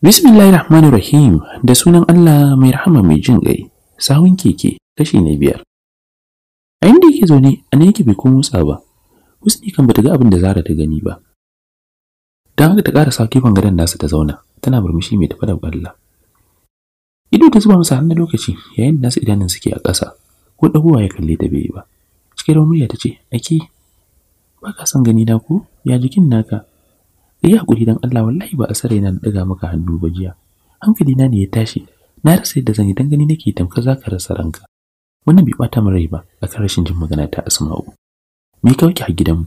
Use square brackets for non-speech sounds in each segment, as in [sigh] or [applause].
Bismillahir Rahmanir Rahim da sunan Allah mai rahama mai jin ƙai, sawun keke kashi na biyar. A inda yake zaune, a nan yake bai ko motsa ba, Husni kan bata ga abin da Zara ta gani ba. Don haka ta ƙara gefen gadon nasa ta zauna, tana murmushi mai tafa da Allah. Ido ta zuba masa hannun lokaci yayin da nasu idanun suke a ƙasa, ko ɗagowa ya kalle ta bai ba. Cikin murya ta ce, Ake, ba ka son gani na ko? Ya jikin naka? Ka eh, yi haƙuri don Allah wallahi ba a sa raina na ɗaga maka hannu ba jiya. hankali na ne ya tashi, na rasa yadda zan yi don gani nake tamka za ka rasa ranka. Wannan bai bata min rai ba a kan rashin jin magana ta Asma'u. Me ka wanke a mu?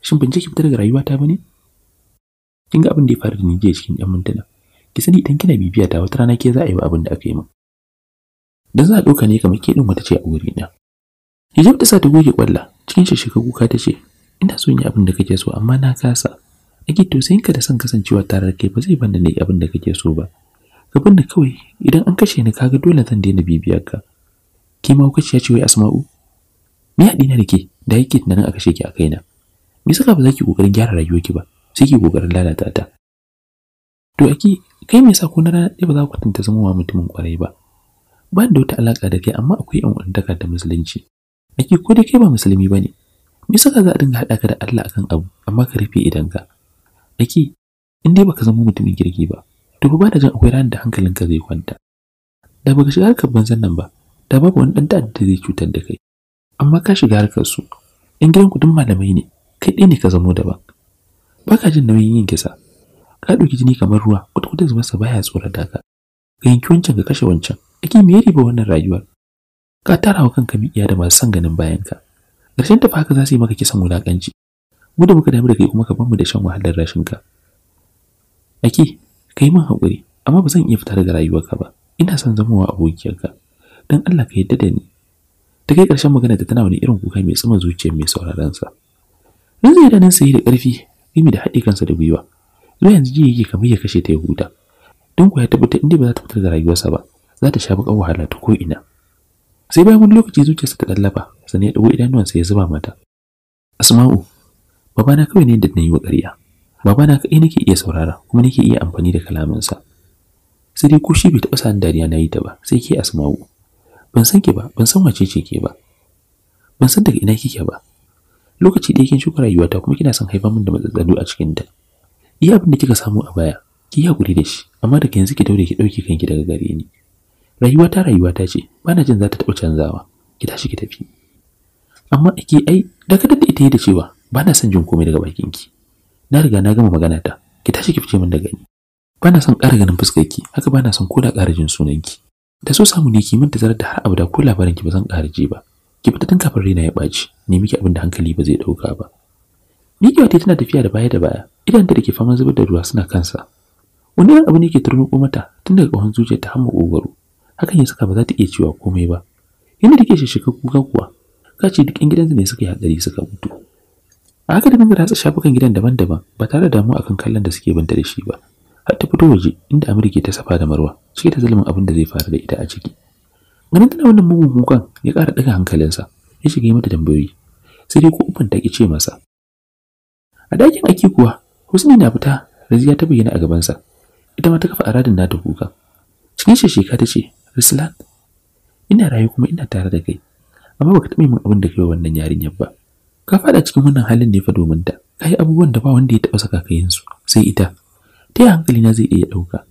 Shin ban je ki fita daga rayuwata ba ne? Kin ga abin da ya faru da ni jiya cikin 'yan mintuna. Ki sani idan kina bibiya ta wata rana ke za a yi wa abin da aka yi min. Dan za a ɗauka ne kamar ke ɗin wata ce a wuri wurina. Hijab ta sa ta goge kwalla cikin shishiga kuka ta ce ina son yi abin da kake so amma na kasa. Ake ka da son kasancewa tare da kai ba zai banda ne abin da kake so ba. kafin da kawai idan an kashe ni kaga dole zan daina bibiyar ka. Ke ma kuka ce wai Asma'u? Me haɗi na da ke da yake tunanin a kashe ki a kaina? Me saka ba za ki kokarin gyara ki ba? Sai ki kokarin lalata ta. To aki kai me yasa ko na rana ɗaya ba za ku tunta zama wa mutumin kwarai ba? Ba da wata alaka da kai amma akwai yan da musulunci. ake ko da kai ba musulmi bane me saka za a dinga haɗa ka da Allah akan abu amma ka rufe idan ka. ake in dai baka zama mutumin kirki ba to ba da jin akwai ranar da hankalinka zai kwanta da baka shiga harkar banzan nan ba da babu wani dan da zai cutar da kai amma ka shiga harkar su in gidan ku duk malamai ne kai ɗaya ne ka zamo daban baka jin nauyin yin kisa ka ɗauki jini kamar ruwa kwata-kwata zubarsa baya tsoron daga ka yanki wancan ka kashe wancan Aki, me ya riba wannan rayuwar ka tara wa kanka miƙiya da masu son ganin bayanka ƙarshen tafi za su yi maka kisan wulaƙanci mu da muka damu da kai kuma ka mu da shan wahalar rashin ka ake kai min haƙuri amma ba zan iya fita daga rayuwarka ba ina son zamowa abokiyarka don Allah ka yadda da ni ta kai ƙarshen magana da tana wani irin kuka mai tsuma zuciya mai sauraron sa yanzu idanun nan yi da ƙarfi gami da haɗe kansa da gwiwa zuwa yanzu ji yake kamar ya kashe ta ya huta don ku ya tabbata inda ba za ta fitar da rayuwarsa ba za ta sha baƙar wahala ta ko ina sai bayan wani lokaci zuciyarsa ta lallaba sannan ya dago idanuwansa ya zuba mata asma'u babana kawai ne da na yi wa ƙarya babana kaɗai nake iya saurara kuma nake iya amfani da sa sai dai kushi bai taɓa sani dariya na yi ta ba sai ke asma'u ban san ki ba ban san wace ce ke ba ban san daga ina kike ba lokaci ɗaya kin shuka rayuwata kuma kina son haifar min da matsatsalu a cikin iya abin da kika samu a baya ki yi hakuri da shi amma daga yanzu ki daure ki ɗauke kanki daga gare ni rayuwa ta rayuwa ta ce bana jin za ta taɓa canzawa ki tashi ki tafi amma ake ai daga da ita yi da cewa ba son jin komai daga bakin ki na riga na gama magana ta ki tashi ki fice min da gani bana son ƙara ganin fuskar ki haka bana son ko da ƙara jin sunan ki da so samu ne ki min tazarar da har da ko labarin ba zan ƙara ji ba ki fita tun kafin rina ya ɓaci ne miki abin da hankali ba zai ɗauka ba wata tana tafiya da baya da baya, ta da ke faman zubar da ruwa suna kansa. Wani abu ne ke turmuƙo mata tun daga ƙahon zuciyar ta hamma ƙogaro. hakan ya saka ba za ta iya cewa komai ba inda take shishika kuka kuwa ka ce duk 'yan gidansa ne suka yi hatsari suka mutu a haka da bangar hatsa shafukan gidan daban-daban ba tare da damuwa akan kallon da suke banta da shi ba har ta fito waje inda ke ta safa da marwa suke ta zalimin abin da zai faru da ita a ciki ganin tana wannan mugun kukan ya ƙara ɗaga hankalinsa ya shiga mata tambayoyi sai dai ko uban ta ki ce masa a dakin aiki kuwa husni na fita raziya ta bayyana a gabansa ita ma ta kafa aradin nata kuka cikin shishika ta ce Ruslan, ina rayu kuma ina tare da kai, amma baka taɓa min abin da kai wannan yarinyar ba. Ka faɗa cikin wannan halin ne fa domin ta, ka yi abubuwan da ba wanda ya taɓa saka ka yin su, sai ita. Ta yi hankali na zai iya ɗauka.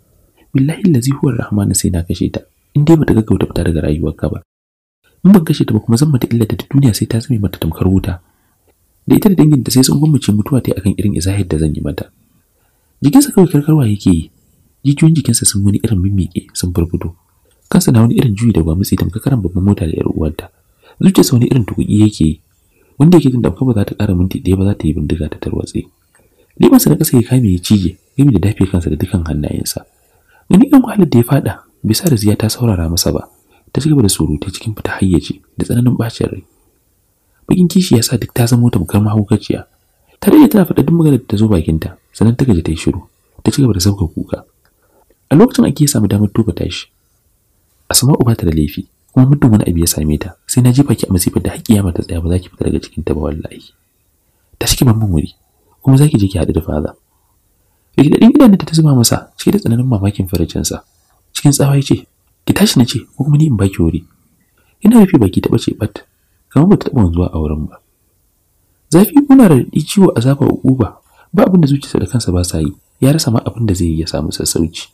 Billahi lazi huwar rahmanu sai na kashe ta, in dai ba bata gaggauta fita daga rayuwarka ba. In ban kashe ta ba kuma zan mata illata ta duniya sai ta zame mata tamkar wuta. Da ita da danginta sai sun gwammace mutuwa ta akan irin izahir da zan yi mata. Jikinsa kawai karkarwa yake yi, Jikin jikinsa sun wani irin mimmiƙe sun furfuto kansa na wani irin juyi da gwamutsi tamkar karan babban mota da yar uwarta zuciyarsa wani irin tukuki yake yi wanda yake jin kuma ba za ta kara minti ɗaya ba za ta yi bindiga ta tarwatse sa na kasa ya kame ya cije gami da dafe kansa da dukan hannayensa wani irin wahalar da ya faɗa bisa da ziya ta saurara masa ba ta cigaba da surutai cikin fita hayyaci da tsananin bacin rai bakin kishi ya sa duk ta zama mukar mahaukaciya ta daɗe tana faɗa duk maganar da ta zo bakinta sannan ta gaji ta yi shiru ta ci da sauka kuka a lokacin ake samu damar tuba tashi Asma'u uba ta da laifi kuma muddin wani abu ya same ta sai na jefa ki a masifar da haƙƙiya mata tsaya ba za ki fita daga cikin ta ba wallahi. Ta shike mamman wuri kuma za ki je ki haɗu da faza. gidan da ta zuba masa cike da tsananin mamakin farajinsa. Cikin tsawa ya ce ki tashi na ce ko kuma ni in baki wuri. Ina rufe baki ta bace bat kamar ba ta taɓa zuwa a wurin ba. Zafi kuna ɗi ciwo azaba uba ba abin da zuciyarsa da kansa ba sa yi ya rasa ma abin da zai yi ya samu sassauci.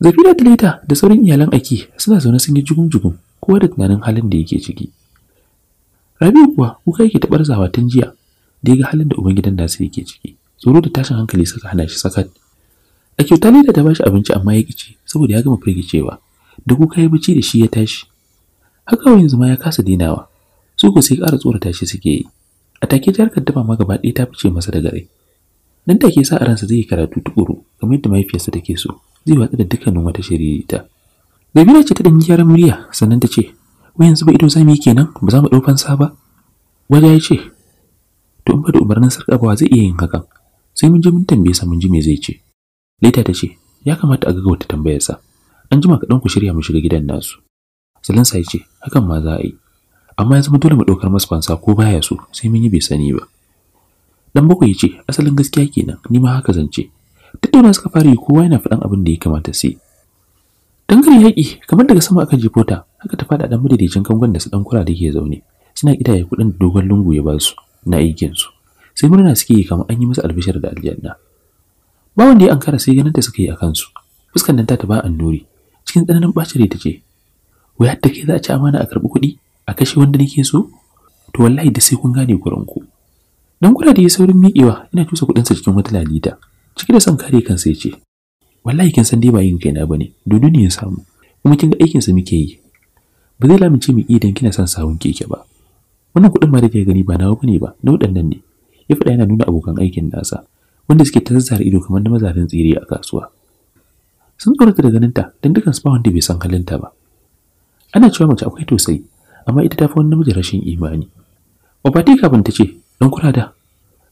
Zafira da Leta da sauran iyalan aiki suna zaune sun yi jugum-jugum kowa da tunanin halin da yake ciki. Rabi'u kuwa kuka yake taɓar zawa tun jiya da ya ga halin da Ubangidan Nasir yake ciki. Tsoro da tashin hankali suka hana shi sakat. A kyauta Leta ta bashi abinci amma ya kici saboda ya gama firgicewa. Da kuka yi bacci da shi ya tashi. Haka yanzu ma ya kasa dinawa. Su ko sai ƙara tsorata shi suke yi. A take ta harkar dafa ma gaba ɗaya ta fice masa da gare. Nan take sa a ransa zai yi karatu tukuru kamar yadda mahaifiyarsa take so. zai watsa da dukkanin wata shiririta Gabira ce ta ɗan gyaran murya sannan ta ce wai yanzu ba ido zamu yi kenan ba za mu ɗau fansa ba waje ya ce to in ba da umarnin ba zai iya yin hakan sai mun je mun tambaye sa mun ji me zai ce Leta ta ce ya kamata a ga wata tambayar sa an jima kaɗan ku shirya mu shiga gidan nasu sa ya ce hakan ma za a yi amma ya zama dole mu ɗaukar masa fansa ko baya so sai mun yi bai sani ba Dan bakwai ya ce asalin gaskiya kenan ni ma haka zance Duk da suka fara yi kowa yana faɗan abin da ya kamata sai dangare haƙi kamar daga sama aka jefo ta haka ta faɗa da madaidaicin kangon da su ɗan kura da ke zaune suna ƙidaya kuɗin da dogon lungu ya ba su na aikinsu sai murna suke yi kamar an yi musu albishar da aljanna ba wanda ya ankara sai ganin ta suka yi a kansu fuskan nan ta ba annuri cikin tsananin bacin rai ta ce wai da za a ci amana a karɓi kuɗi a kashe wanda nake so to wallahi da sai kun gane ku. dan kura da ya saurin miƙewa ina tusa kuɗinsa cikin wata lalita ciki da son kare kansa ya ce wallahi kin san dai ba yin kaina bane dudu ne ya samu kuma kin ga aikin sa muke yi ba zai lamince mu idan kina son sawun keke ba wannan kuɗin ma da kike gani ba nawa bane ba na waɗannan ne ya faɗa yana nuna abokan aikin nasa wanda suke ta zazzara ido kamar da mazarin tsiri a kasuwa sun tsorata da ganinta don dukan su ba wanda bai san halinta ba ana cewa mace akwai tosai, amma ita ta fi wani namiji rashin imani Obati kafin ta ce, "Don kula da,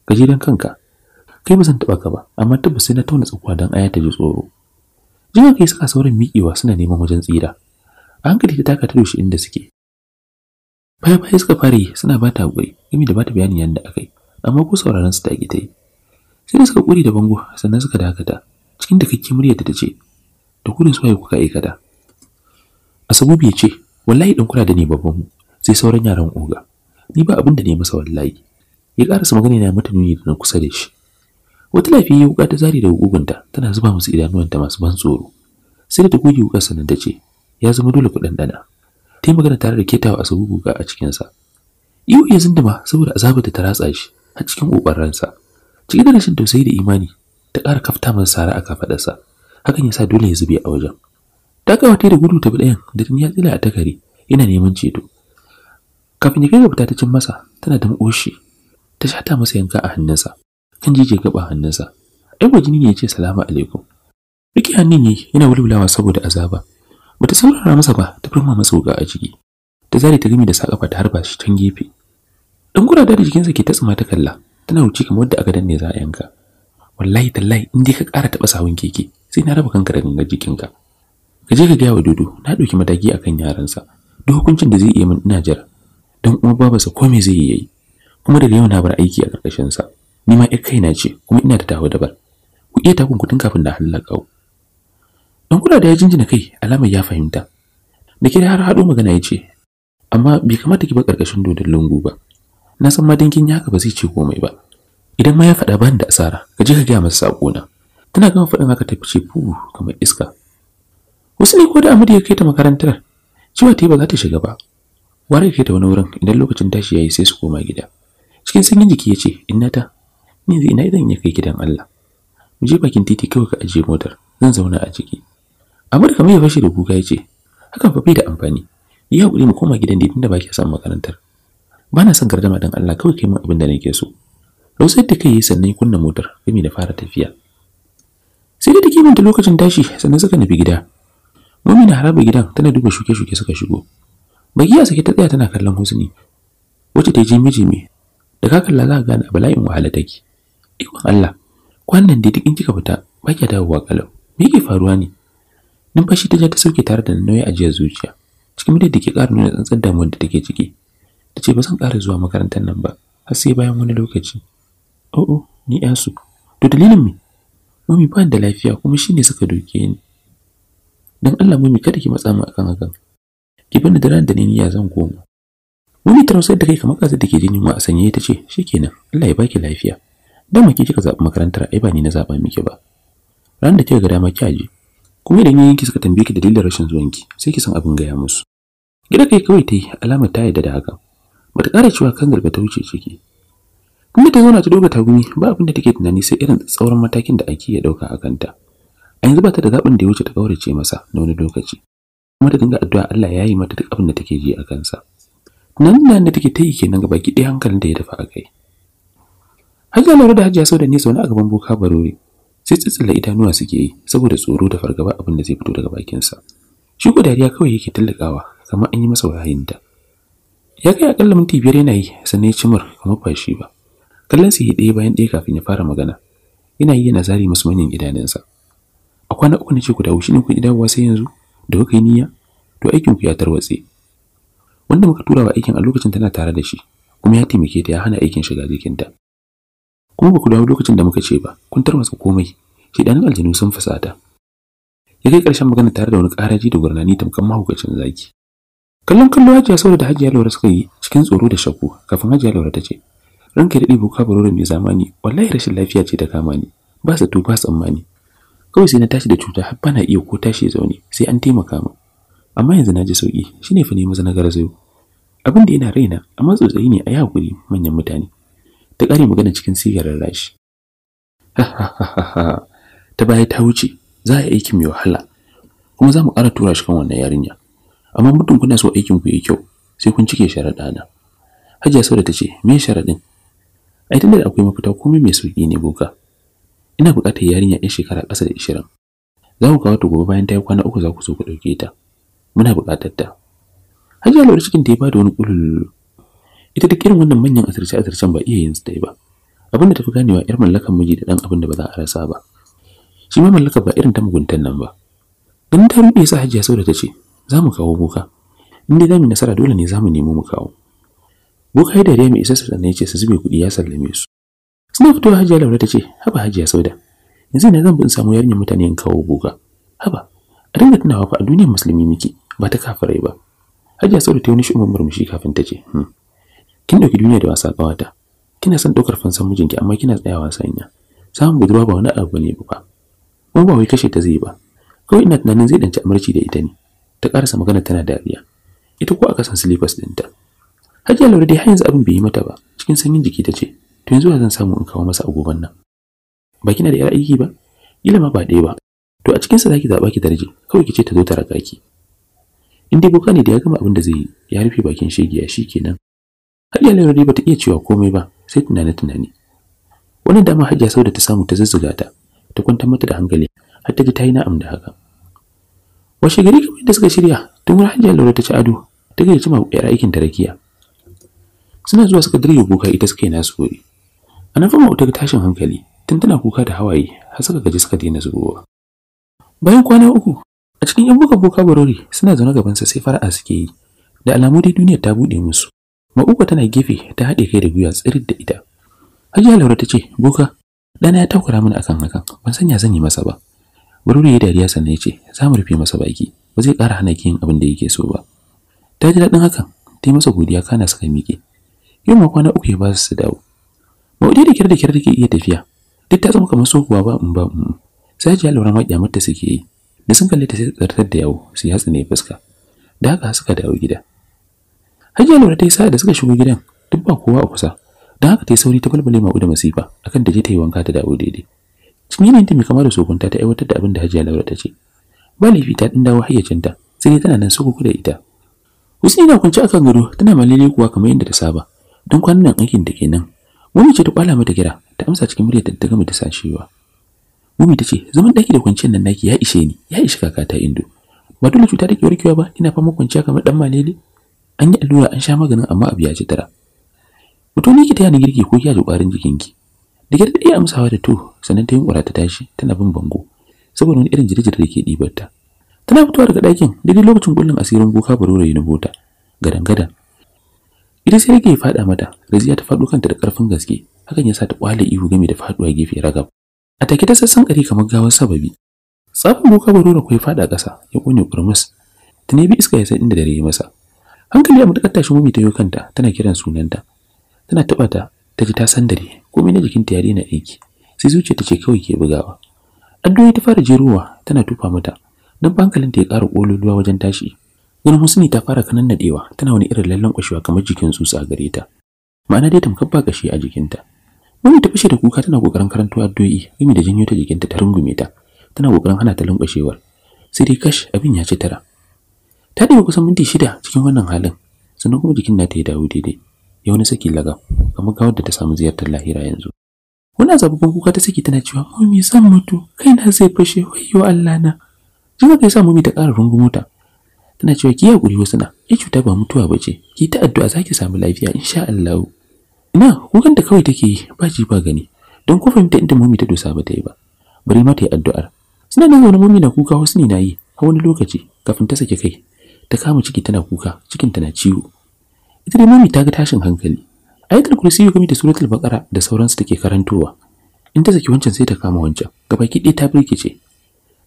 gajeren kanka, kai ba zan taɓa ka ba amma tabbas sai na tauna tsakuwa don aya ta ji tsoro jiya kai suka sauran miƙewa suna neman wajen tsira a hankali ta taka ta doshi inda suke fayafaye suka fara yi suna ba ta haƙuri gami da ba ta bayanin yadda aka yi amma ko sauraron su ta ƙi ta yi sai da suka ƙuri da bango sannan suka dakata cikin da kake muryarta ta ce da ku da suwaye kuka aikata Asabu ya ce wallahi ɗan kula da ni babbanmu sai sauran yaran oga ni ba abin da ne masa wallahi ya karasa magana yana mata nuni da na kusa da shi wata lafiya wuka ta zari da gugunta tana zuba musu idanuwanta masu ban tsoro sai da ta goge wukar sannan ta ce ya zama dole ku ɗanɗana ta yi magana tare da ketawa a sabu guga a cikinsa iyo ya zinduma saboda azabar da ta ratsa shi a cikin ƙoƙarinsa. ransa cike da rashin tausayi da imani ta ƙara kafta masa sara a kafaɗarsa hakan ya sa dole ya zube a wajen ta kawo ta da gudu ta bi ɗayan da tun ya tsila a takari yana neman ceto kafin ya kai ga fita ta cin masa tana da makoshi ta shata masa yanka a hannunsa kan jijiyar gaba hannunsa ai ba jini ne ya ce salamu alaikum rike hannun ne yana wulwulawa saboda azaba bata saurara masa ba ta firma masa wuka a jiki. ta zare ta gami da sakafa ta harba shi can gefe dan gura da jikinsa ke tatsuma ta kalla tana wuce kamar wadda aka danne za a yanka wallahi tallahi in dai ka ƙara taɓa sawun keke sai na raba kanka da gangar jikinka ka je ka gaya wa dodo na ɗauki mataki akan yaransa duk hukuncin da zai iya min ina jira dan uwa babarsa ko me zai yi ya yi. kuma daga yau na bar aiki a ƙarƙashinsa sa ni ma kai na ce kuma ina da tawo dabar ku iya takun kudin kafin na halaka ku dan kula da ya jinjina kai alamar ya fahimta da kira har hado magana ya ce amma bai kamata ki ba karkashin dodon lungu ba na san ma dinkin ya haka ba zai ce komai ba idan ma ya faɗa bani da asara ka je ka gaya masa sako na tana gama faɗin haka ta fice fu kamar iska wasu ne ko da amudi ya kai ta makarantar cewa ta ba za ta shiga ba ware kai ta wani wurin idan lokacin tashi yayi sai su koma gida cikin sanyin jiki ya ce innata zai ina zan ya kai gidan Allah mu je bakin titi kawai ka ajiye motar zan zauna a ciki kamar ya fashe da kuka yace hakan fa bai da amfani yi hakuri mu koma gidan da tunda baki san makarantar Ba na son gardama dan Allah kawai kai min abin da nake so Lausar da kai yi sannan kunna motar gami da fara tafiya sai da take minta lokacin tashi sannan suka nufi gida Mumina haraba gidan tana duba shuke-shuke suka shigo Bagiya sake ta tsaya tana kallon Husni wacce ta je miji me da ka kalla za ka gane bala'in wahala take ikon Allah kwanan da duk in kika fita ba ki dawowa kalau me yake faruwa ne numfashi ta ja ta sauke tare da nauyi a jiya zuciya cikin muryar da ke ƙara nuna tsantsar damuwar da take ciki ta ce ba zan ƙara zuwa makarantar nan ba har sai bayan wani lokaci oh, oh ni yasu to dalilin me mami ba da lafiya kuma shine suka doke ni dan Allah mami kada ki matsa mu akan hakan ki bani da ran da ni ya zan koma wani tarausar da kai kamar kasar da ke jin a sanye ta ce shikenan Allah ya baki lafiya dan muke kika zaɓi makarantar ai ba ni na zaɓa miki ba ran da kika ga dama kyaji kuma idan yayin suka tambaye ki dalilin rashin ki sai ki san abin gaya musu gida kai kawai ta yi alamar ta yadda da haka bata ƙara cewa kan garba ta wuce ciki kuma ta zauna ta duba tagumi ba abin da take tunani sai irin tsauran matakin da ake ya dauka a kanta a yanzu ba ta da zaɓin da ya wuce ta kaurace masa na wani lokaci kuma ta dinga addu'a Allah ya yi mata duk abin da take ji a kansa tunanin da take ta yi kenan gaba ki ɗaya hankalin da ya dafa a kai Hajiya Laure da Hajiya Sauda ne zaune a gaban boka barori, Sai tsitsila idanuwa suke yi saboda tsoro da fargaba abin da zai fito daga bakinsa. Shi ko dariya kawai yake tallakawa kamar an yi masa wayayinta. Ya kai akalla minti biyar yana yi sannan ya cimar kamar ba shi ba. Kallon sa ɗaya bayan ɗaya kafin ya fara magana. Yana yi yana zari musu manyan idanunsa. A kwana uku na ce ku dawo shi ne kun dawowa sai yanzu da kuka yi niyya to aikin ku ya tarwatse. Wanda muka tura wa aikin a lokacin tana tare da shi kuma ya taimake ta ya hana aikin shiga jikinta. kuma ba ku dawo lokacin da muka ce ba kun masa komai shedanin aljanu sun fasata ya kai karshen magana tare da wani ƙaraji da gurnani tamkan mahaukacin zaki kallon kallo hajiya saboda da hajiya laura suka yi cikin tsoro da shakku kafin hajiya laura ta ce ranka da ɗibo kabarore mai zamani wallahi rashin lafiya ce ta kama ni ba sa to ba tsammani kawai sai na tashi da cuta har bana iya ko tashi zaune sai an taimaka ma. amma yanzu na ji sauki shine fa ne maza na garzayo abin da yana raina amma tsotsayi ne a yi hakuri manyan mutane ta kare magana cikin sigarar rashi ta baya ta wuce za a yi aiki mai wahala kuma za mu ƙara tura shi kan wannan yarinya amma mutum kuna so aikin ku yi kyau sai kun cike sharaɗa na hajiya sauda ta ce me sharaɗin ai tunda da akwai mafita komai mai sauƙi ne boka ina buƙatar yarinya ɗan shekara ƙasa da ishirin za ku kawo ta gobe bayan ta yi kwana uku za ku so ku ɗauke ta muna buƙatar ta hajiya lura cikin ta ya bada wani ƙulululu ita duk irin wannan manyan asirce asircen ba iya yin su dai ba abin da tafi ganewa yar mallakan miji da dan abin da ba za a rasa ba shi ma mallaka ba irin ta muguntan nan ba dan ta ruɗe sa hajiya sau ta ce za mu kawo boka in dai zamu nasara dole ne za mu nemo mu kawo boka ya dariya mai isa sannan ya ce su zube kuɗi ya sallame su suna fitowa hajiya laura ta ce haba hajiya sauda yanzu na zan bin samu yarinyar mutane in kawo boka haba a dinga tunawa fa a duniyar musulmi miki ba ta kafirai ba hajiya sauda ta yi wani shi'umar murmushi kafin ta ce hmm. kin dauki duniya da wasa kawata kina son daukar fansan mijinki amma kina tsayawa sanya samun budurwa ba wani abu ne ba ko ba wai kashe ta zai ba kawai ina tunanin zai danci amarci da ita ne ta karasa magana tana dariya ita ko aka san slippers dinta Hajiya lura dai har yanzu abin bai yi mata ba cikin sanyin jiki ta ce to yanzu zan samu in kawo masa agogon nan ba kina da yar aiki ba ila ma ba ɗaya ba to a cikin sa zaki zaba ki darje kawai ki ce ta zo ta raka ki in dai boka ne da ya gama abin da zai yi ya rufe bakin shegiya shikenan Kadiya ba ta iya cewa komai ba sai tunane-tunane. Wani dama Hajiya Sauda ta samu ta zuzzuga ta, ta kwantar mata da hankali har ta ji ta yi na'am da haka. Washe gari kamar da suka shirya, tun wani Hajiya Laure ta ci ado, ta gayyaci ma yar aikin tarakiya Suna zuwa suka dirge kuka ita suka yi nasu gobe. A nan fama ta tashin hankali, tun tana kuka da hawaye har suka gaji suka daina zubowa. Bayan kwana uku, a cikin 'yan buka buka barori suna zaune gabansa sai fara'a suke yi, da alamu dai duniyar ta buɗe musu. Ma'uka tana gefe ta haɗe kai da gwiwa tsirid da ita. Hajiya Laura ta ce, "Boka, ɗana ya takura mini akan hakan, ban san ya zan yi masa ba." Baruri ya dariya sannan ya ce, "Za mu rufe masa baki, ba zai ƙara hana ki yin abin da yake so ba." Ta ji daɗin hakan, ta yi masa godiya kana suka miƙe. Yau ma kwana uku ya ba su su dawo. Maude da kyar da kyar take iya tafiya, duk ta zama kamar sokuwa ba in ba in. Sai Hajiya Laura ma kyamar suke yi, da sun kalle ta sai tsartar da yawo su yatsa ne fuska. Da haka suka dawo gida. Hajiya Laura ta yi sa'a da suka shigo gidan duk ba kowa a kusa. Don haka ta yi sauri ta balbale ma'u da masifa akan da je ta yi wanka ta dawo daidai. Cikin yanayin ta mai kama da sokunta ta aiwatar da abin da Hajiya Laura ta ce. Ba laifi ta ɗin dawo hayyacinta sai dai tana nan suku da ita. Husni na kwance akan gado tana malele kuwa kamar yadda ta saba. Don kwanan nan aikin da ke nan, Mummy ce ta kwala mata gira, ta amsa cikin muryar ta gama da sashewa. Mummy ta ce zaman ɗaki da kwanciyar nan naki ya ishe ni ya ishi kakata indo. Ba dole cuta take warkewa ba ina fama kwanciya kamar dan malele. an yi allura an sha maganin amma abu ya ci tara mutum ne ki ta yana girki ko ki ji ƙwarin jikinki da ki amsawa da to sannan ta yin ƙwara ta tashi tana bin bango saboda wani irin jirjir da ke ɗibar ta tana fitowa daga ɗakin daidai lokacin kullum asirin boka barore na bota gadan-gadan ita sai yake faɗa mata raziya ta faɗo kanta da ƙarfin gaske hakan ya sa ta ƙwale ihu game da faɗuwa gefe ragab a take ta sassan ƙari kamar gawar sababi tsafin boka barore ya faɗa ya kone kurmus ta nemi iska ya san inda dare ya masa hankali ya matakar tashi mummy ta yo kanta tana kiran sunanta tana taɓa ta ta ji ta komai na jikinta ya daina aiki sai zuciya ta ce kawai ke bugawa addu'o'i ta fara jiruwa tana tufa mata don bankalin ta ya ƙara kololuwa wajen tashi Wani husni ta fara kanan nadewa tana wani irin lallan kwashewa kamar jikin tsutsa gare ta ma'ana dai tamkar ba kashi a jikinta Mumi ta fashe da kuka tana kokarin karanto addu'o'i gami da jinyo ta jikinta ta rungume ta tana kokarin hana ta lankwashewar sai dai kash abin ya ci tara ta ɗaya kusan minti shida cikin wannan halin sannan kuma jikin nata ya dawo daidai ya wani saki laga kamar kawar da ta samu ziyartar lahira yanzu wani zababban kuka ta saki tana cewa "Momi, zan mutu kai na zai fashe wayyo Allah na jima kai sa mami ta ƙara rungu mota? tana cewa ki hakuri wasu na Ya cuta ba mutuwa ba ce. ki ta addu'a zaki samu lafiya insha Allah ina kukan da kawai take yi ba ji ba gani don ko fahimta inda mummy ta dosa ba ta yi ba bari ma ta yi addu'ar suna nan zaune mummy na kuka wasu ne na yi a wani lokaci kafin ta sake kai ta kama ciki tana kuka cikinta na ciwo ita dai mami ta ga tashin hankali ayatul ya kuma da suratul baqara da sauransu take karantowa in ta saki wancan sai ta kama wancan gabaki ɗaya ta ce.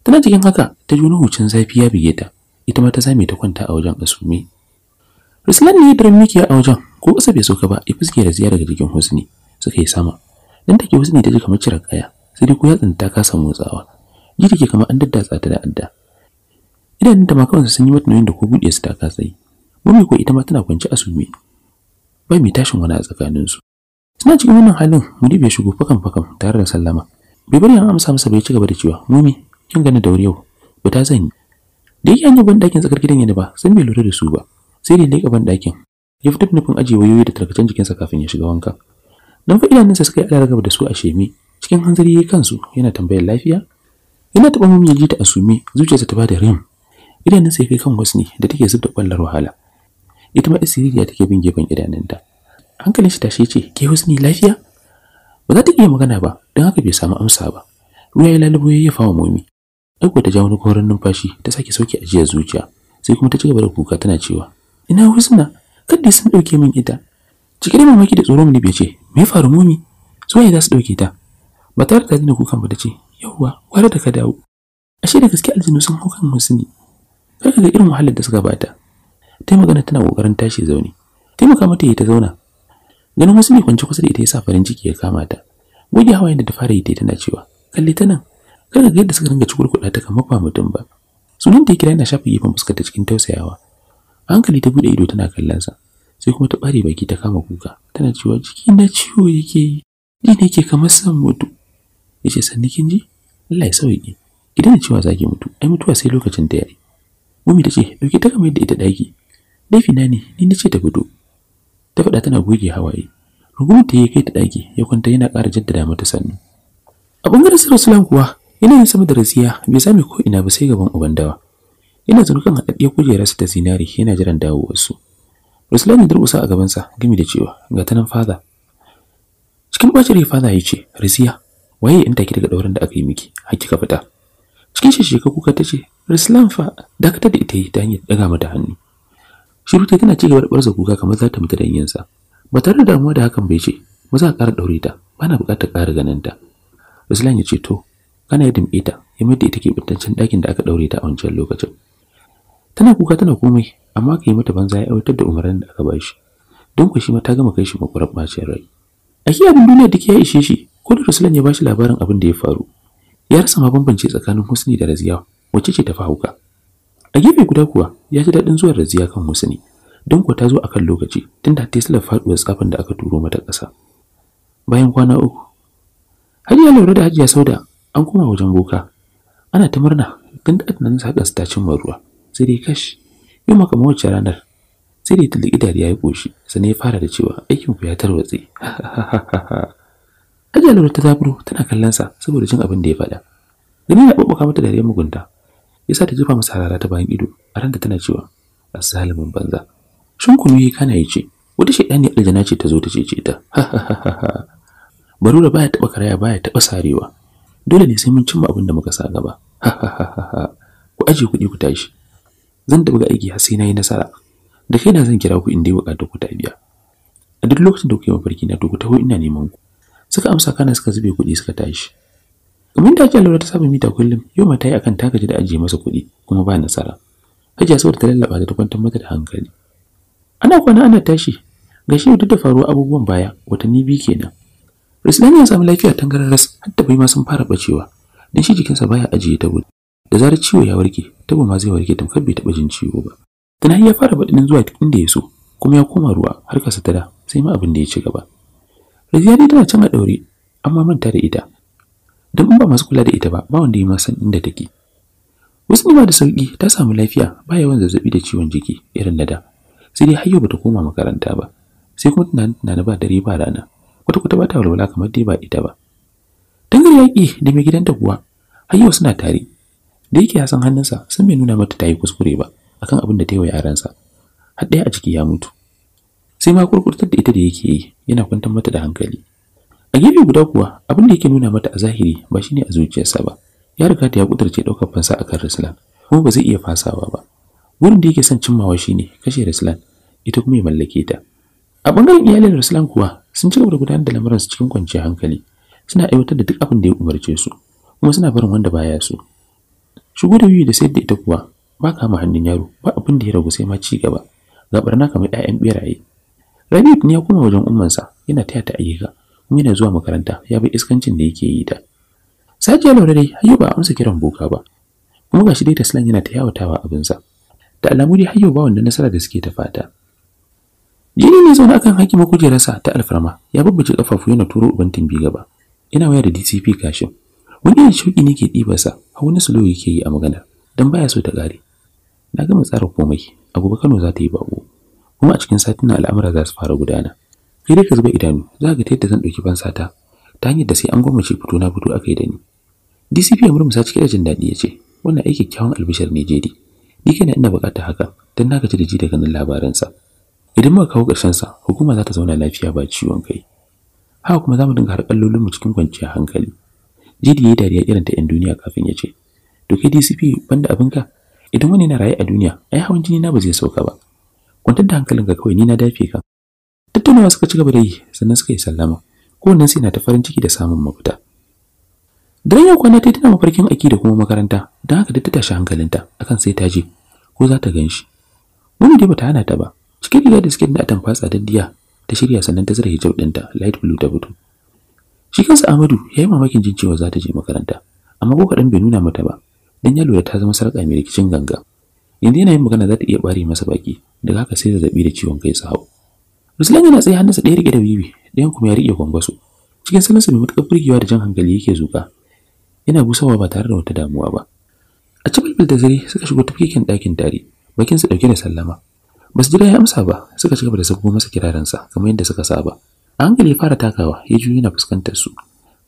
tana cikin haka ta juna hucin zafi ya bige ta ita ma ta zame ta kwanta a wajen asume Ruslan ne ya daren mikiya a wajen ko ƙasa bai sauka ba ya fuske da ziya daga jikin Husni suka yi sama dan take Husni ta ji kamar cire kaya sai dai ko yatsan ta kasa motsawa ji take kamar an daddatsa ta da adda idanun ta ma kawai sun yi mata nauyin da ko buɗe su ta kasai, yi mummy ko ita ma tana kwance a sume ba mai tashin wani a su suna cikin wannan halin mu bai shigo fakan fakan tare da sallama bai bari an amsa masa bai ci gaba da cewa mummy kin gani da wuri yau ba ta zan yi da yake yi ban ɗakin tsakar gidan yana ba sun bai lura da su ba sai da leƙa ban ɗakin ya fitar nufin ajiye wayoyi da tarkacen jikinsa kafin ya shiga wanka don fa idanunsa suka yi ala da su a shemi cikin hanzari ya kansu yana tambayar lafiya yana taɓa mummy ya ji ta a sume zuciyarsa ta ba da rim idanun sai kai kan wasni da take zub da kwallar wahala ita ma isiriya take bin gefen idanunta hankalin shi tashi ce ke wasni lafiya ba za ta iya magana ba don haka bai samu amsa ba ruwa ya lalubo ya fama momi aiko ta ja wani koren numfashi ta sake sauke ajiyar zuciya sai kuma ta ci gaba da kuka tana cewa ina husna kaddai sun dauke min ita cike da mamaki da tsoro mini ce me faru momi zuwa ya za su dauke ta ba tare da dina kukan ba ta ce yawwa ware da ka dawo ashe da gaske aljinu sun hukan musu kar ka ga irin wahalar da suka bata tai magana tana kokarin tashi zaune taimaka mata yi ta zauna ganin wasu ne kwance kusa da ita yasa farin ciki ya kama ta goge hawa yadda ta fara yi tana cewa kalli ta nan ka ga yadda suka ringa cikurkuɗa ta kamar ba mutum ba sunan da ya kira yana shafa gefen fuskar ta cikin tausayawa hankali ta bude ido tana kallon sa sai kuma ta bare baki ta kama kuka tana cewa jiki na ciwo yake yi ne ke kamar san mutu yace sanni kin ji Allah ya sauke idan cewa zaki mutu ai mutuwa sai lokacin ta yayi Mummy ta ce, "Dauke ta kamar yadda ita daki." Laifi na ne, ni na ce ta gudu? Ta faɗa tana goge hawaye. Rungumar ta yi kai ta daki, ya kwanta yana ƙara jaddada mata sannu. A bangaren Sir Sulan kuwa, yana yin sama da raziya, bai sami ko ina ba sai gaban uban dawa. Yana zunukan haɗaɗɗiyar kujerarsa ta zinari yana jiran dawowarsu. Ruslan ya durƙusa a gabansa gami da cewa, "Ga ta nan fada." Cikin ɓacin fada ya ce, "Raziya, waye in take daga ɗaurin da aka yi miki, har kika fita?" cikin shishika kuka ta ce rislam fa dakatar da ita yi ta hanyar daga mata hannu shiru ta tana cigaba da barza kuka kamar za ta mutu yinsa. ba tare da damuwa da hakan bai ce ba za a ƙara ɗaure ta na buƙatar ƙara ganin ta rislam ya ce to kana yadda ita ya mai da ita ke bintancen ɗakin da aka ɗaure ta a wancan lokacin tana kuka tana komai amma ka yi mata banza ya aiwatar da umarnin da aka ba don ku shi ma ta gama kai shi makwarar rai a abin duniya duk ya ishe shi ko da Ruslan ya bashi labarin abin da ya faru ya rasa ma bambance tsakanin Husni da Raziya wacce ce ta fi hauka. A gefe guda kuwa ya ji daɗin zuwa Raziya kan Husni don kuwa ta zo akan lokaci tunda ta yi faɗuwar tsafin da aka turo mata ƙasa. Bayan kwana uku, har ya lura da Hajiya Sauda an koma wajen boka. Ana ta murna tun da nan sa ta cimma ruwa. Sai dai kash, yau maka wace ranar. Sai dai ta idar ya yi ƙoshi, sannan ya fara da cewa aikin ku ya tarwatse. [laughs] Hajiya Laura ta zaburo tana kallon sa saboda jin abin da ya faɗa. Gani yana bubbuka mata da mugunta. Ya sa ta jefa masa harara ta bayan ido, a ranta tana cewa, "Assalamin banza." Shunkunu yi kana yi ce, "Wata ne aljana ce ta zo ta cece ta." Barura baya taɓa karaya baya taɓa sarewa. Dole ne sai mun cimma abin da muka sa gaba. Ku aje kuɗi ku tashi. Zan tafi ga aiki har sai na yi nasara. Da kai na zan kira ku in dai buƙatar ku ta biya. A duk lokacin da kuke mafarki na to ku taho ina neman ku. suka amsa kana suka zube kuɗi suka tashi kamar da ake lura ta saba mita kullum yau ma ta yi akan takaji da ajiye masa kuɗi kuma ba nasara hajiya saboda ta lallaba ta kwantar mata da hankali ana kwana ana tashi gashi duk da faruwa abubuwan baya watanni biyu kenan Ruslan ya samu lafiya tangarar ras har da bai ma sun fara bacewa dan shi jikinsa baya ajiye tabo da zarar ciwo ya warke tabo ma zai warke tamkar bai taba jin ciwo ba tunani ya fara badinin zuwa inda ya so kuma ya koma ruwa har kasa tada sai ma abin da ya ci gaba Rabiya dai tana can a ɗaure, amma manta da ita. Don ba masu kula da ita ba, ba wanda ya ma san inda take. Wasu ba da sauƙi ta samu lafiya ba yawan zazzaɓi da ciwon jiki irin na da. Sai dai hayo bata koma makaranta ba. Sai kuma tunanin tunanin ba dare ba rana. Kwata-kwata ba ta walwala kamar dai ba ita ba. Dangar yaƙi da mai gidanta kuwa hayo suna tare. Da yake ya san hannunsa sun bai nuna mata ta yi kuskure ba akan abin da ta yi wa yaransa. Har ɗaya a ciki ya mutu. Sai ma kurkurtar da ita da yake yi yana kwantar mata da hankali a gefe guda kuwa abin da yake nuna mata a zahiri ba shine a zuciyarsa ba ya riga ta ya kudurce daukar fansa a kan Ruslan kuma ba zai iya fasawa ba wurin da yake son cimmawa shine kashe Ruslan ita kuma ya mallake ta a bangaren iyalin Ruslan kuwa sun ci gaba da gudanar da lamuran su cikin kwanciyar hankali suna aiwatar da duk abin da ya umarce su kuma suna barin wanda baya su. shigo da wiwi da sayar da ita kuwa ba kama hannun yaro ba abin da ya ragu sai ma ci gaba gabarna kamar 'ya'yan beraye Rabi'u ne ya koma wajen ummansa yana taya ta ayyuka kuma yana zuwa makaranta ya bi iskancin da yake yi ta. Sake lura dai Hayyu ba amsa kiran boka ba. Kuma gashi dai Taslan yana ta yawatawa abinsa. Da alamu dai Hayyu ba wanda nasara da suke ta fata. Jini ne zaune akan hakima kujerarsa ta alfarma ya bubbuce kafafu yana turo uban timbi gaba. Ina waya da DCP kashin. Wani yin shauƙi ne ke ɗibarsa, a wani sulo yake yi a magana, don baya so ta ƙare. Na gama tsara komai, a gobe Kano za ta yi baƙo. kuma a cikin satin al'amura za su fara gudana kai dai ka zuba idanu za ka ga yadda zan ɗauki fansa ta ta hanyar da sai an gwamnati fito na fito aka yi da ni DCP ya murmusa cikin da jin daɗi ya ce wannan ai kyakkyawan albishar ne jeri ni na ina buƙatar haka don na gaji da ji nan nan labaransa idan muka kawo sa hukuma za ta zauna lafiya ba ciwon kai haka kuma za mu dinga harƙallolin mu cikin kwanciyar hankali jidi ya dariya irin ta 'yan duniya kafin ya ce to kai DCP banda abinka idan wani na raye a duniya ai hawan jini na ba zai sauka ba kwantar da ka kawai ni na dafe ka tattaunawa suka ci gaba da yi sannan suka yi sallama kowanne sai na ta farin ciki da samun mafita Da yau kwana ta tana mafarkin aiki da kuma makaranta don haka duk ta tashi hankalinta akan sai ta je ko za ta gan shi wani dai bata hana ta ba cikin riga da sikin da atamfa daddiya, ta shirya sannan ta zira hijab ɗinta light blue ta butu. shi kansa Amadu ya yi mamakin jin cewa za ta je makaranta amma ko kaɗan bai nuna mata ba don ya lura ta zama sarƙa mai rikicin ganga yanzu yana yin magana za ta iya ɓare masa baki daga haka sai zazzabi da ciwon kai su hau Ruslan yana tsaye hannunsa ɗaya riƙe da bibi ɗayan kuma ya riƙe gwangwaso cikin salansa mai matuƙar burgewa da jan hankali yake zuƙa yana busawa ba tare da wata damuwa ba a cikin da zare suka shigo tafkeken ɗakin tare bakinsa ɗauke da sallama ba su jira ya amsa ba suka cigaba da sabo masa sa kamar yadda suka saba a hankali ya fara takawa ya juyo yana fuskantar su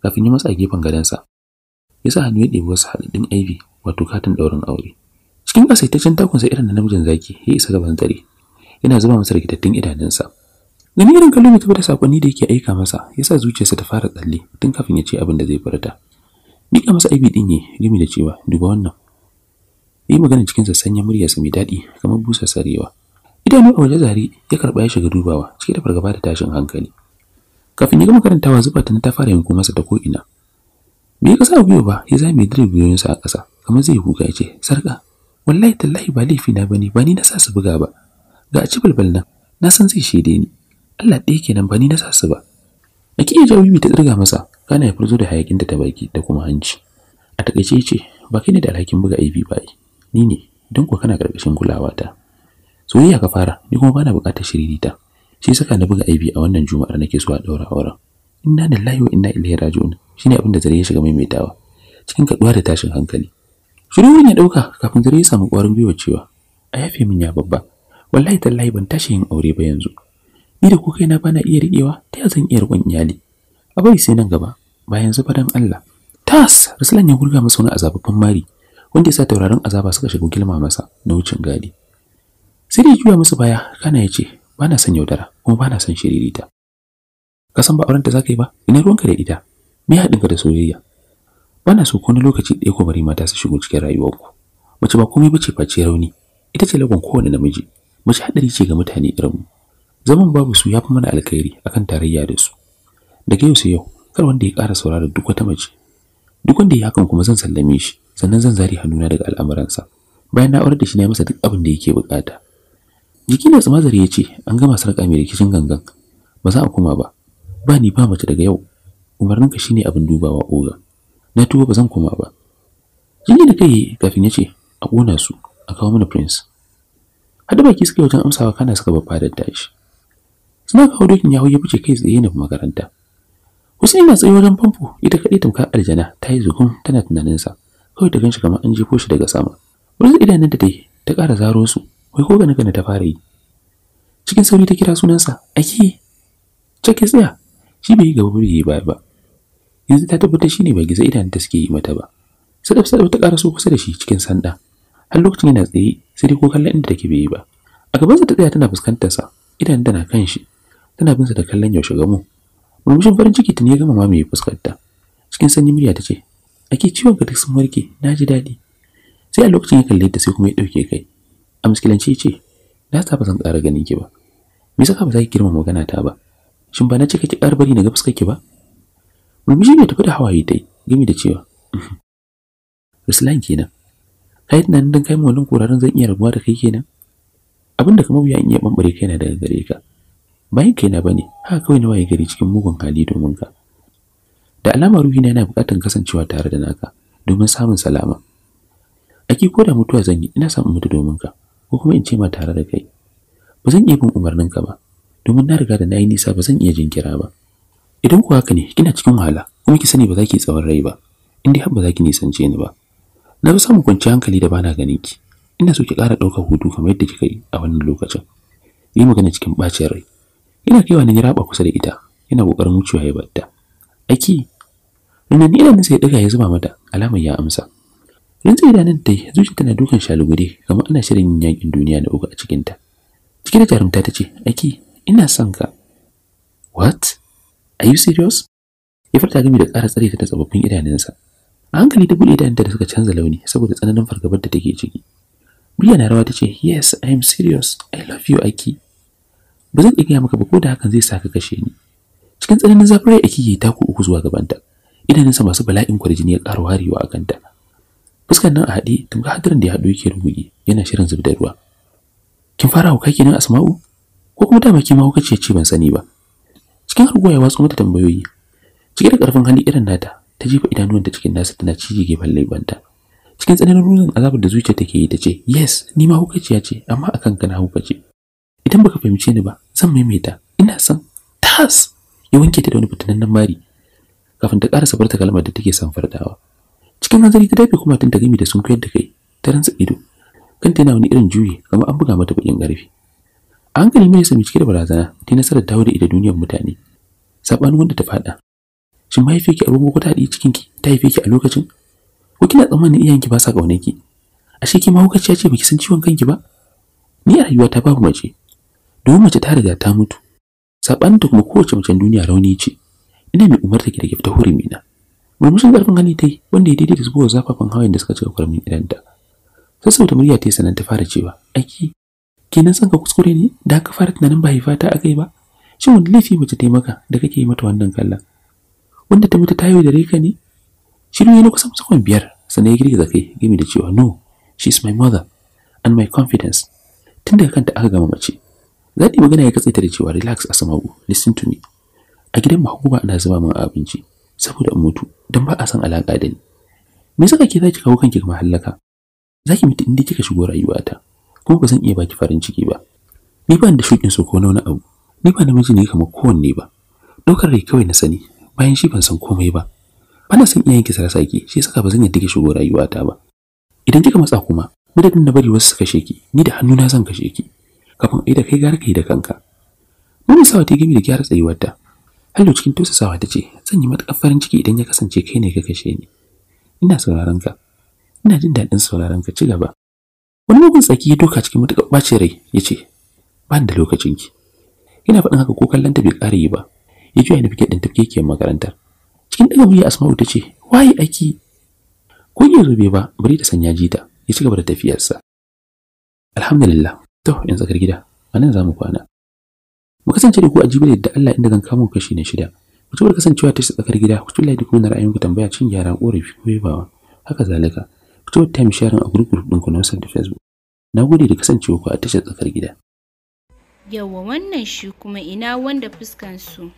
kafin ya matsa gefen gadonsa. ya sa hannu ya ɗebi wasu haɗaɗɗun aibi wato katin ɗaurin aure cikin kasaitaccen takunsa irin da namijin zaki ya isa gaban dare. yana zuba masa rikitattun idanunsa gani irin kallo mai da sakonni da yake aika masa ya sa zuciyarsa ta fara tsalle tun kafin ya ce abin da zai furta miƙa masa aibi ɗin ya gami da cewa duba wannan ya yi magana cikin murya su mai daɗi kamar busar sarewa idanu a waje zare ya karɓa ya shiga dubawa cike da fargaba da tashin hankali kafin ya ga karantawa zuba ta ta fara yanko masa ta ko'ina bai kasa a biyo ba ya zame dirbiyoyinsa a ƙasa kamar zai huga ya ce sarƙa wallahi tallahi ba laifi na bane ba ni na sa su buga ba ga ci balbal nan na san zai shede ni Allah ɗaya kenan ba ni na sa su ba a kiyaye Bibi ta tsirga masa kana ya furzo da hayakin ta baki da kuma hanci a takaice ce ba kai ne da alhakin buga aibi ba ni ne don kuwa kana karkashin kulawa ta soyayya ka fara ni kuma bana bukatar ta. shi saka na buga aibi a wannan juma'ar nake so a daura auren inna lillahi wa inna ilaihi raji'un shine abin da zare ya shiga maimaitawa cikin kaduwa da tashin hankali shirin ya dauka kafin dare ya samu ƙwarin gwiwa cewa a yafe min ya babba wallahi tallahi ban tashi yin aure ba yanzu ni da kuka na bana iya riƙewa ta ya zan iya riƙon iyali a bari sai nan gaba ba yanzu ba dan Allah tas Ruslan ya hurga masa wani azababin mari wanda ya sa tauraron azaba suka shigo gilma masa na wucin gadi sai da juya masa baya kana ya ce ba na son yaudara kuma ba na son shiririta ka san ba auren ta zaka yi ba ina ruwanka da ita me haɗinka da soyayya bana so kona lokaci ɗaya ku bari mata su shigo cikin rayuwarku mace ba komai bace face rauni ita ce lagon kowane namiji mace hadari ce ga mutane irin mu zaman babu su yafi mana alkhairi akan tarayya da su daga yau sai yau kar wanda ya ƙara saurara duk wata mace duk wanda ya hakan kuma zan sallame shi sannan zan zari hannuna daga al'amuransa bayan na aure da shi na masa duk abin da yake bukata jiki na tsumazar ya ce an gama sarƙa mai rikicin gangan ba za a koma ba ba ni ba mace daga yau umarninka shine abin dubawa oga na tuba ba zan koma ba jini da kai kafin ya ce a kona su a kawo mana prince hada baki suka wajen amsawa kana suka babba da tashi suna kawo dokin ya ya fice kai tsaye na makaranta wasu na tsaye wajen famfo ita kaɗai tamkar aljana ta yi zugun tana sa kawai da ganshi kamar an jefo shi daga sama wurin idanun da ta yi ta ƙara zaro su wai ko gani gani ta fara yi cikin sauri ta kira sunansa ake cike tsaya shi bai yi gaba bai yi baya ba yanzu ta tabbata shi ne bai gizo ta suke yi mata ba sadaf sadaf ta karaso kusa da shi cikin sanda har lokacin yana tsaye sai dai ko kallon inda take bai yi ba a gabansa ta tsaya tana fuskantar sa idan tana kan shi tana binsa da kallon yaushe gamo murmushin farin ciki ta ne gama ma mamaye fuskanta. cikin sanyi murya ta ce ake ciwon ka duk sun warke na ji daɗi sai a lokacin ya kalle ta sai kuma ya ɗauke kai a ya ce na ta ba zan ƙara ganin ki ba me yasa ba za ki girma magana ta ba shin ba na ce kake ƙara na ga fuskar ki ba Murmushi bai tafi da hawaye ta yi gami da cewa. Mhm. Ruslan kenan. Kai tunanin don kai mawalin kurarin zan iya rabuwa da kai kenan. Abin da kamar wuyan in iya bambare na daga gare ka. Bayan kaina ba ne, haka kawai na waye gari cikin mugun hali domin ka. Da alama ruhina yana buƙatar kasancewa tare da naka domin samun salama. Aki ko da mutuwa zan yi ina son mutu domin ka ko kuma in ce ma tare da kai. Ba zan iya bin ka ba domin na riga da na yi nisa ba zan iya jinkira ba. idan ku haka ne kina cikin wahala kuma ki sani ba za ki tsawon rai ba in dai har ba za ki nisance ni ba na fi samun kwanciyar hankali da bana ganin ki ina so ki ƙara ɗaukar hutu kamar yadda kika yi a wannan lokacin yi magana cikin ɓacin rai ina kaiwa na raba kusa da ita yana ƙoƙarin wucewa ya batta aiki rinnan idanun sai ya ɗaga ya zuba mata alamar ya amsa rinsa idanun ta yi zuciya tana dukan shalugude kamar ana shirin yin yakin duniya na uku a cikinta cikin da jarumta ta ce aiki ina son ka what Are you serious? Ya furta gami da ƙara tsare ta da sababbin idanunsa. A hankali ta buɗe idanunta da suka canza launi saboda tsananin fargabar da take ciki. Murya na rawa ta ce, Yes, I am serious. I love you, Aki. Ba zan iya maka ba ko da hakan zai sa ka kashe ni. Cikin tsananin zafin rai Aki ke yi taku uku zuwa gabanta. Idanunsa masu bala'in kwarjini ya ƙara warewa a kanta. Fuskar nan a haɗe, ga hadirin da ya haɗo yake rubuge, yana shirin zub da ruwa. Kin fara hauka kenan Asma'u? Ko kuma dama ki ma ce ce ban sani ba. cikin harguwa ya watsa mata tambayoyi cike da karfin hali irin nata ta jefa ta cikin nasa tana cije gefen laibanta cikin tsananin ruzin azabar da zuciya take yi ta ce yes ni ma hukaciya ce amma a kanka na idan baka fahimce ni ba zan maimaita ina son tas ya wanke ta da wani fitinannen mari kafin ta ƙara barta kalmar da take samfartawa fardawa cikin hanzari ta dafe kuma tun ta gami da sun kuyar da kai ta rantsa ido kanta yana wani irin juyi kamar an buga mata bakin ƙarfi a hankali mai sami cike da barazana ta nasarar dawo da ita duniyar mutane sabanin wanda ta faɗa. shin mahaifiyar ki a ruwan ta cikin ki ta haife ki a lokacin ko kina tsammanin iyayen ba sa ƙaunar ki ashe ki ma hukaciya ce baki san ciwon kanki ba ni a rayuwa ta babu mace domin mace ta riga ta mutu sabanin ta kuma kowace macen duniya rauni ce ina mai umarta ki da ki hurumi na murmushin ƙarfin hali ta yi wanda ya daidai da zubuwar zafafan hawayen da suka cika kwarmin idanta sassauta murya ta yi sanan ta fara cewa aiki kenan san ka kuskure ne da ka fara tunanin bai fata ta akai ba shin wani laifi mace ta maka da kake yi mata wannan kalla? wanda ta mutu ta da reka ne shiru ya kusan sakon biyar sannan ya girgiza kai game da cewa no she is my mother and my confidence tun daga kanta aka gama mace zaɗi magana ya katsaita da cewa relax a samagu listen to me a gidan mahaguba ana zuba min abinci saboda in mutu don ba a san alaƙa da ni me saka ke zaki kawo kanki kamar hallaka zaki mutu inda kika shigo rayuwata ko ba zan iya baki farin ciki ba ni ba da shukin su ko na abu ni ba namiji ne kamar kowanne ba ɗaukar rai kawai na sani bayan shi ban san komai ba bana san iyayen ki sarasa ki shi saka ba zan yadda ki shigo rayuwata ba idan kika matsa kuma madadin na bari wasu su kashe ki ni da hannuna zan kashe ki kafin ai da kai gara kai da kanka yi sawa ta gami da gyara tsayuwarta. Hallo cikin sawa ta ce, "Zan yi matuƙar farin ciki idan ya kasance kai ne ka kashe ni. Ina sauraron ka. Ina jin daɗin sauraron ka ci gaba." wani mugun tsaki ya doka cikin matuƙar ɓacin rai ya ce ba da lokacin ki. Ina faɗin haka ko kallon ta bai ƙara yi ba ya juya nufi ɗin tafiye ke makarantar cikin ɗaga murya asma'u ta ce waye aiki ko ya zube ba bari da sanya jita ya ci gaba da tafiyarsa alhamdulillah to in tsakar gida a nan za mu kwana mu kasance da ku a jibi da Allah inda zan kamo kashi na shida ku ci kasancewa ta tsakar gida ku tulla da kuma ku tambaya cin gyara ƙorafi ko yabawa haka zalika fitowar time sharing a group group ɗinku na da Facebook. Na gode da kasancewa ku a tashar tsakar gida. Yawa wannan shi kuma ina wanda fuskan su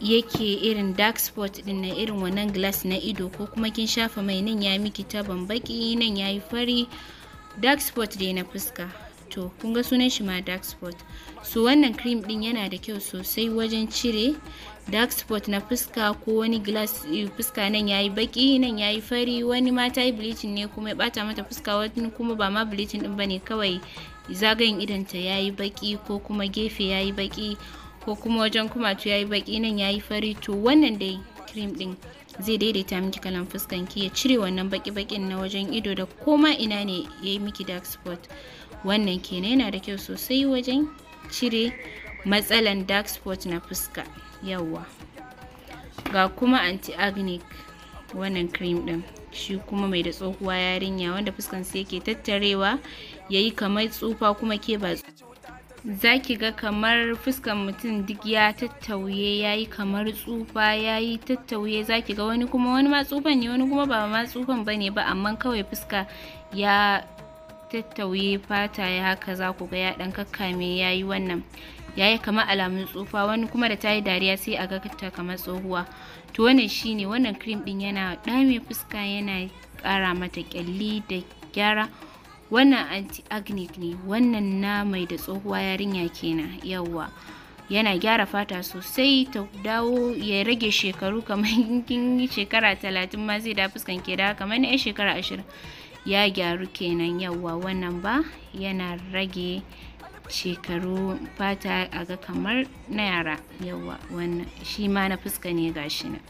yake irin dark spot din na irin wannan glass na ido ko kuma kin shafa mai nan ya miki taban baki nan ya yi fari dark spot dai na fuska to kun ga sunan shi ma dark spot so wannan cream din yana da kyau sosai wajen cire dark spot na fuska ko wani glass eh, fuska nan yayi baki nan yayi fari wani ma ta yi bleaching ne kuma ya bata mata fuska wani kuma ba ma bleaching din bane kawai zagayen idanta yayi baki ko kuma gefe yayi baki ko kuma wajen kumatu yayi baki nan yayi fari to wannan dai cream din zai daidaita miki kalan fuskan ki ya cire wannan baki bakin na wajen ido da koma ina ne yayi miki dark spot wannan kenan yana da kyau sosai wajen cire matsalan dark spot na fuska yawwa ga kuma anti-agnic wannan cream din shi kuma mai da tsohuwa yarinya wanda fuskansa yake tattarewa yayi kamar tsufa kuma ke ba za ki ga kamar fuskan mutum duk ya tattauye ya yi kamar tsufa ya yi tattauye za ki ga wani kuma wani ma tsufan ne wani kuma ba ma tsufan ba ne ba amma kawai fuska ya tattauye fata ya haka za ku ga ya ɗan kakkame ya yi wannan yayi kamar alamun tsufa wani kuma da tayi dariya sai a ga ta kamar tsohuwa to wannan shine wannan cream din yana dame fuska yana kara mata kyalli da gyara wannan anti acne ne wannan na mai da tsohuwa yarinya kenan yawwa yana gyara fata sosai ta dawo ya rage shekaru kamar [laughs] kin shekara talatin ma zai da fuskan ke da kamar na 'yan shekara ashirin ya gyaru kenan yawwa wannan ba yana rage shekaru fata a ga kamar na yara yawa wannan shi ma na fuska ne gashi nan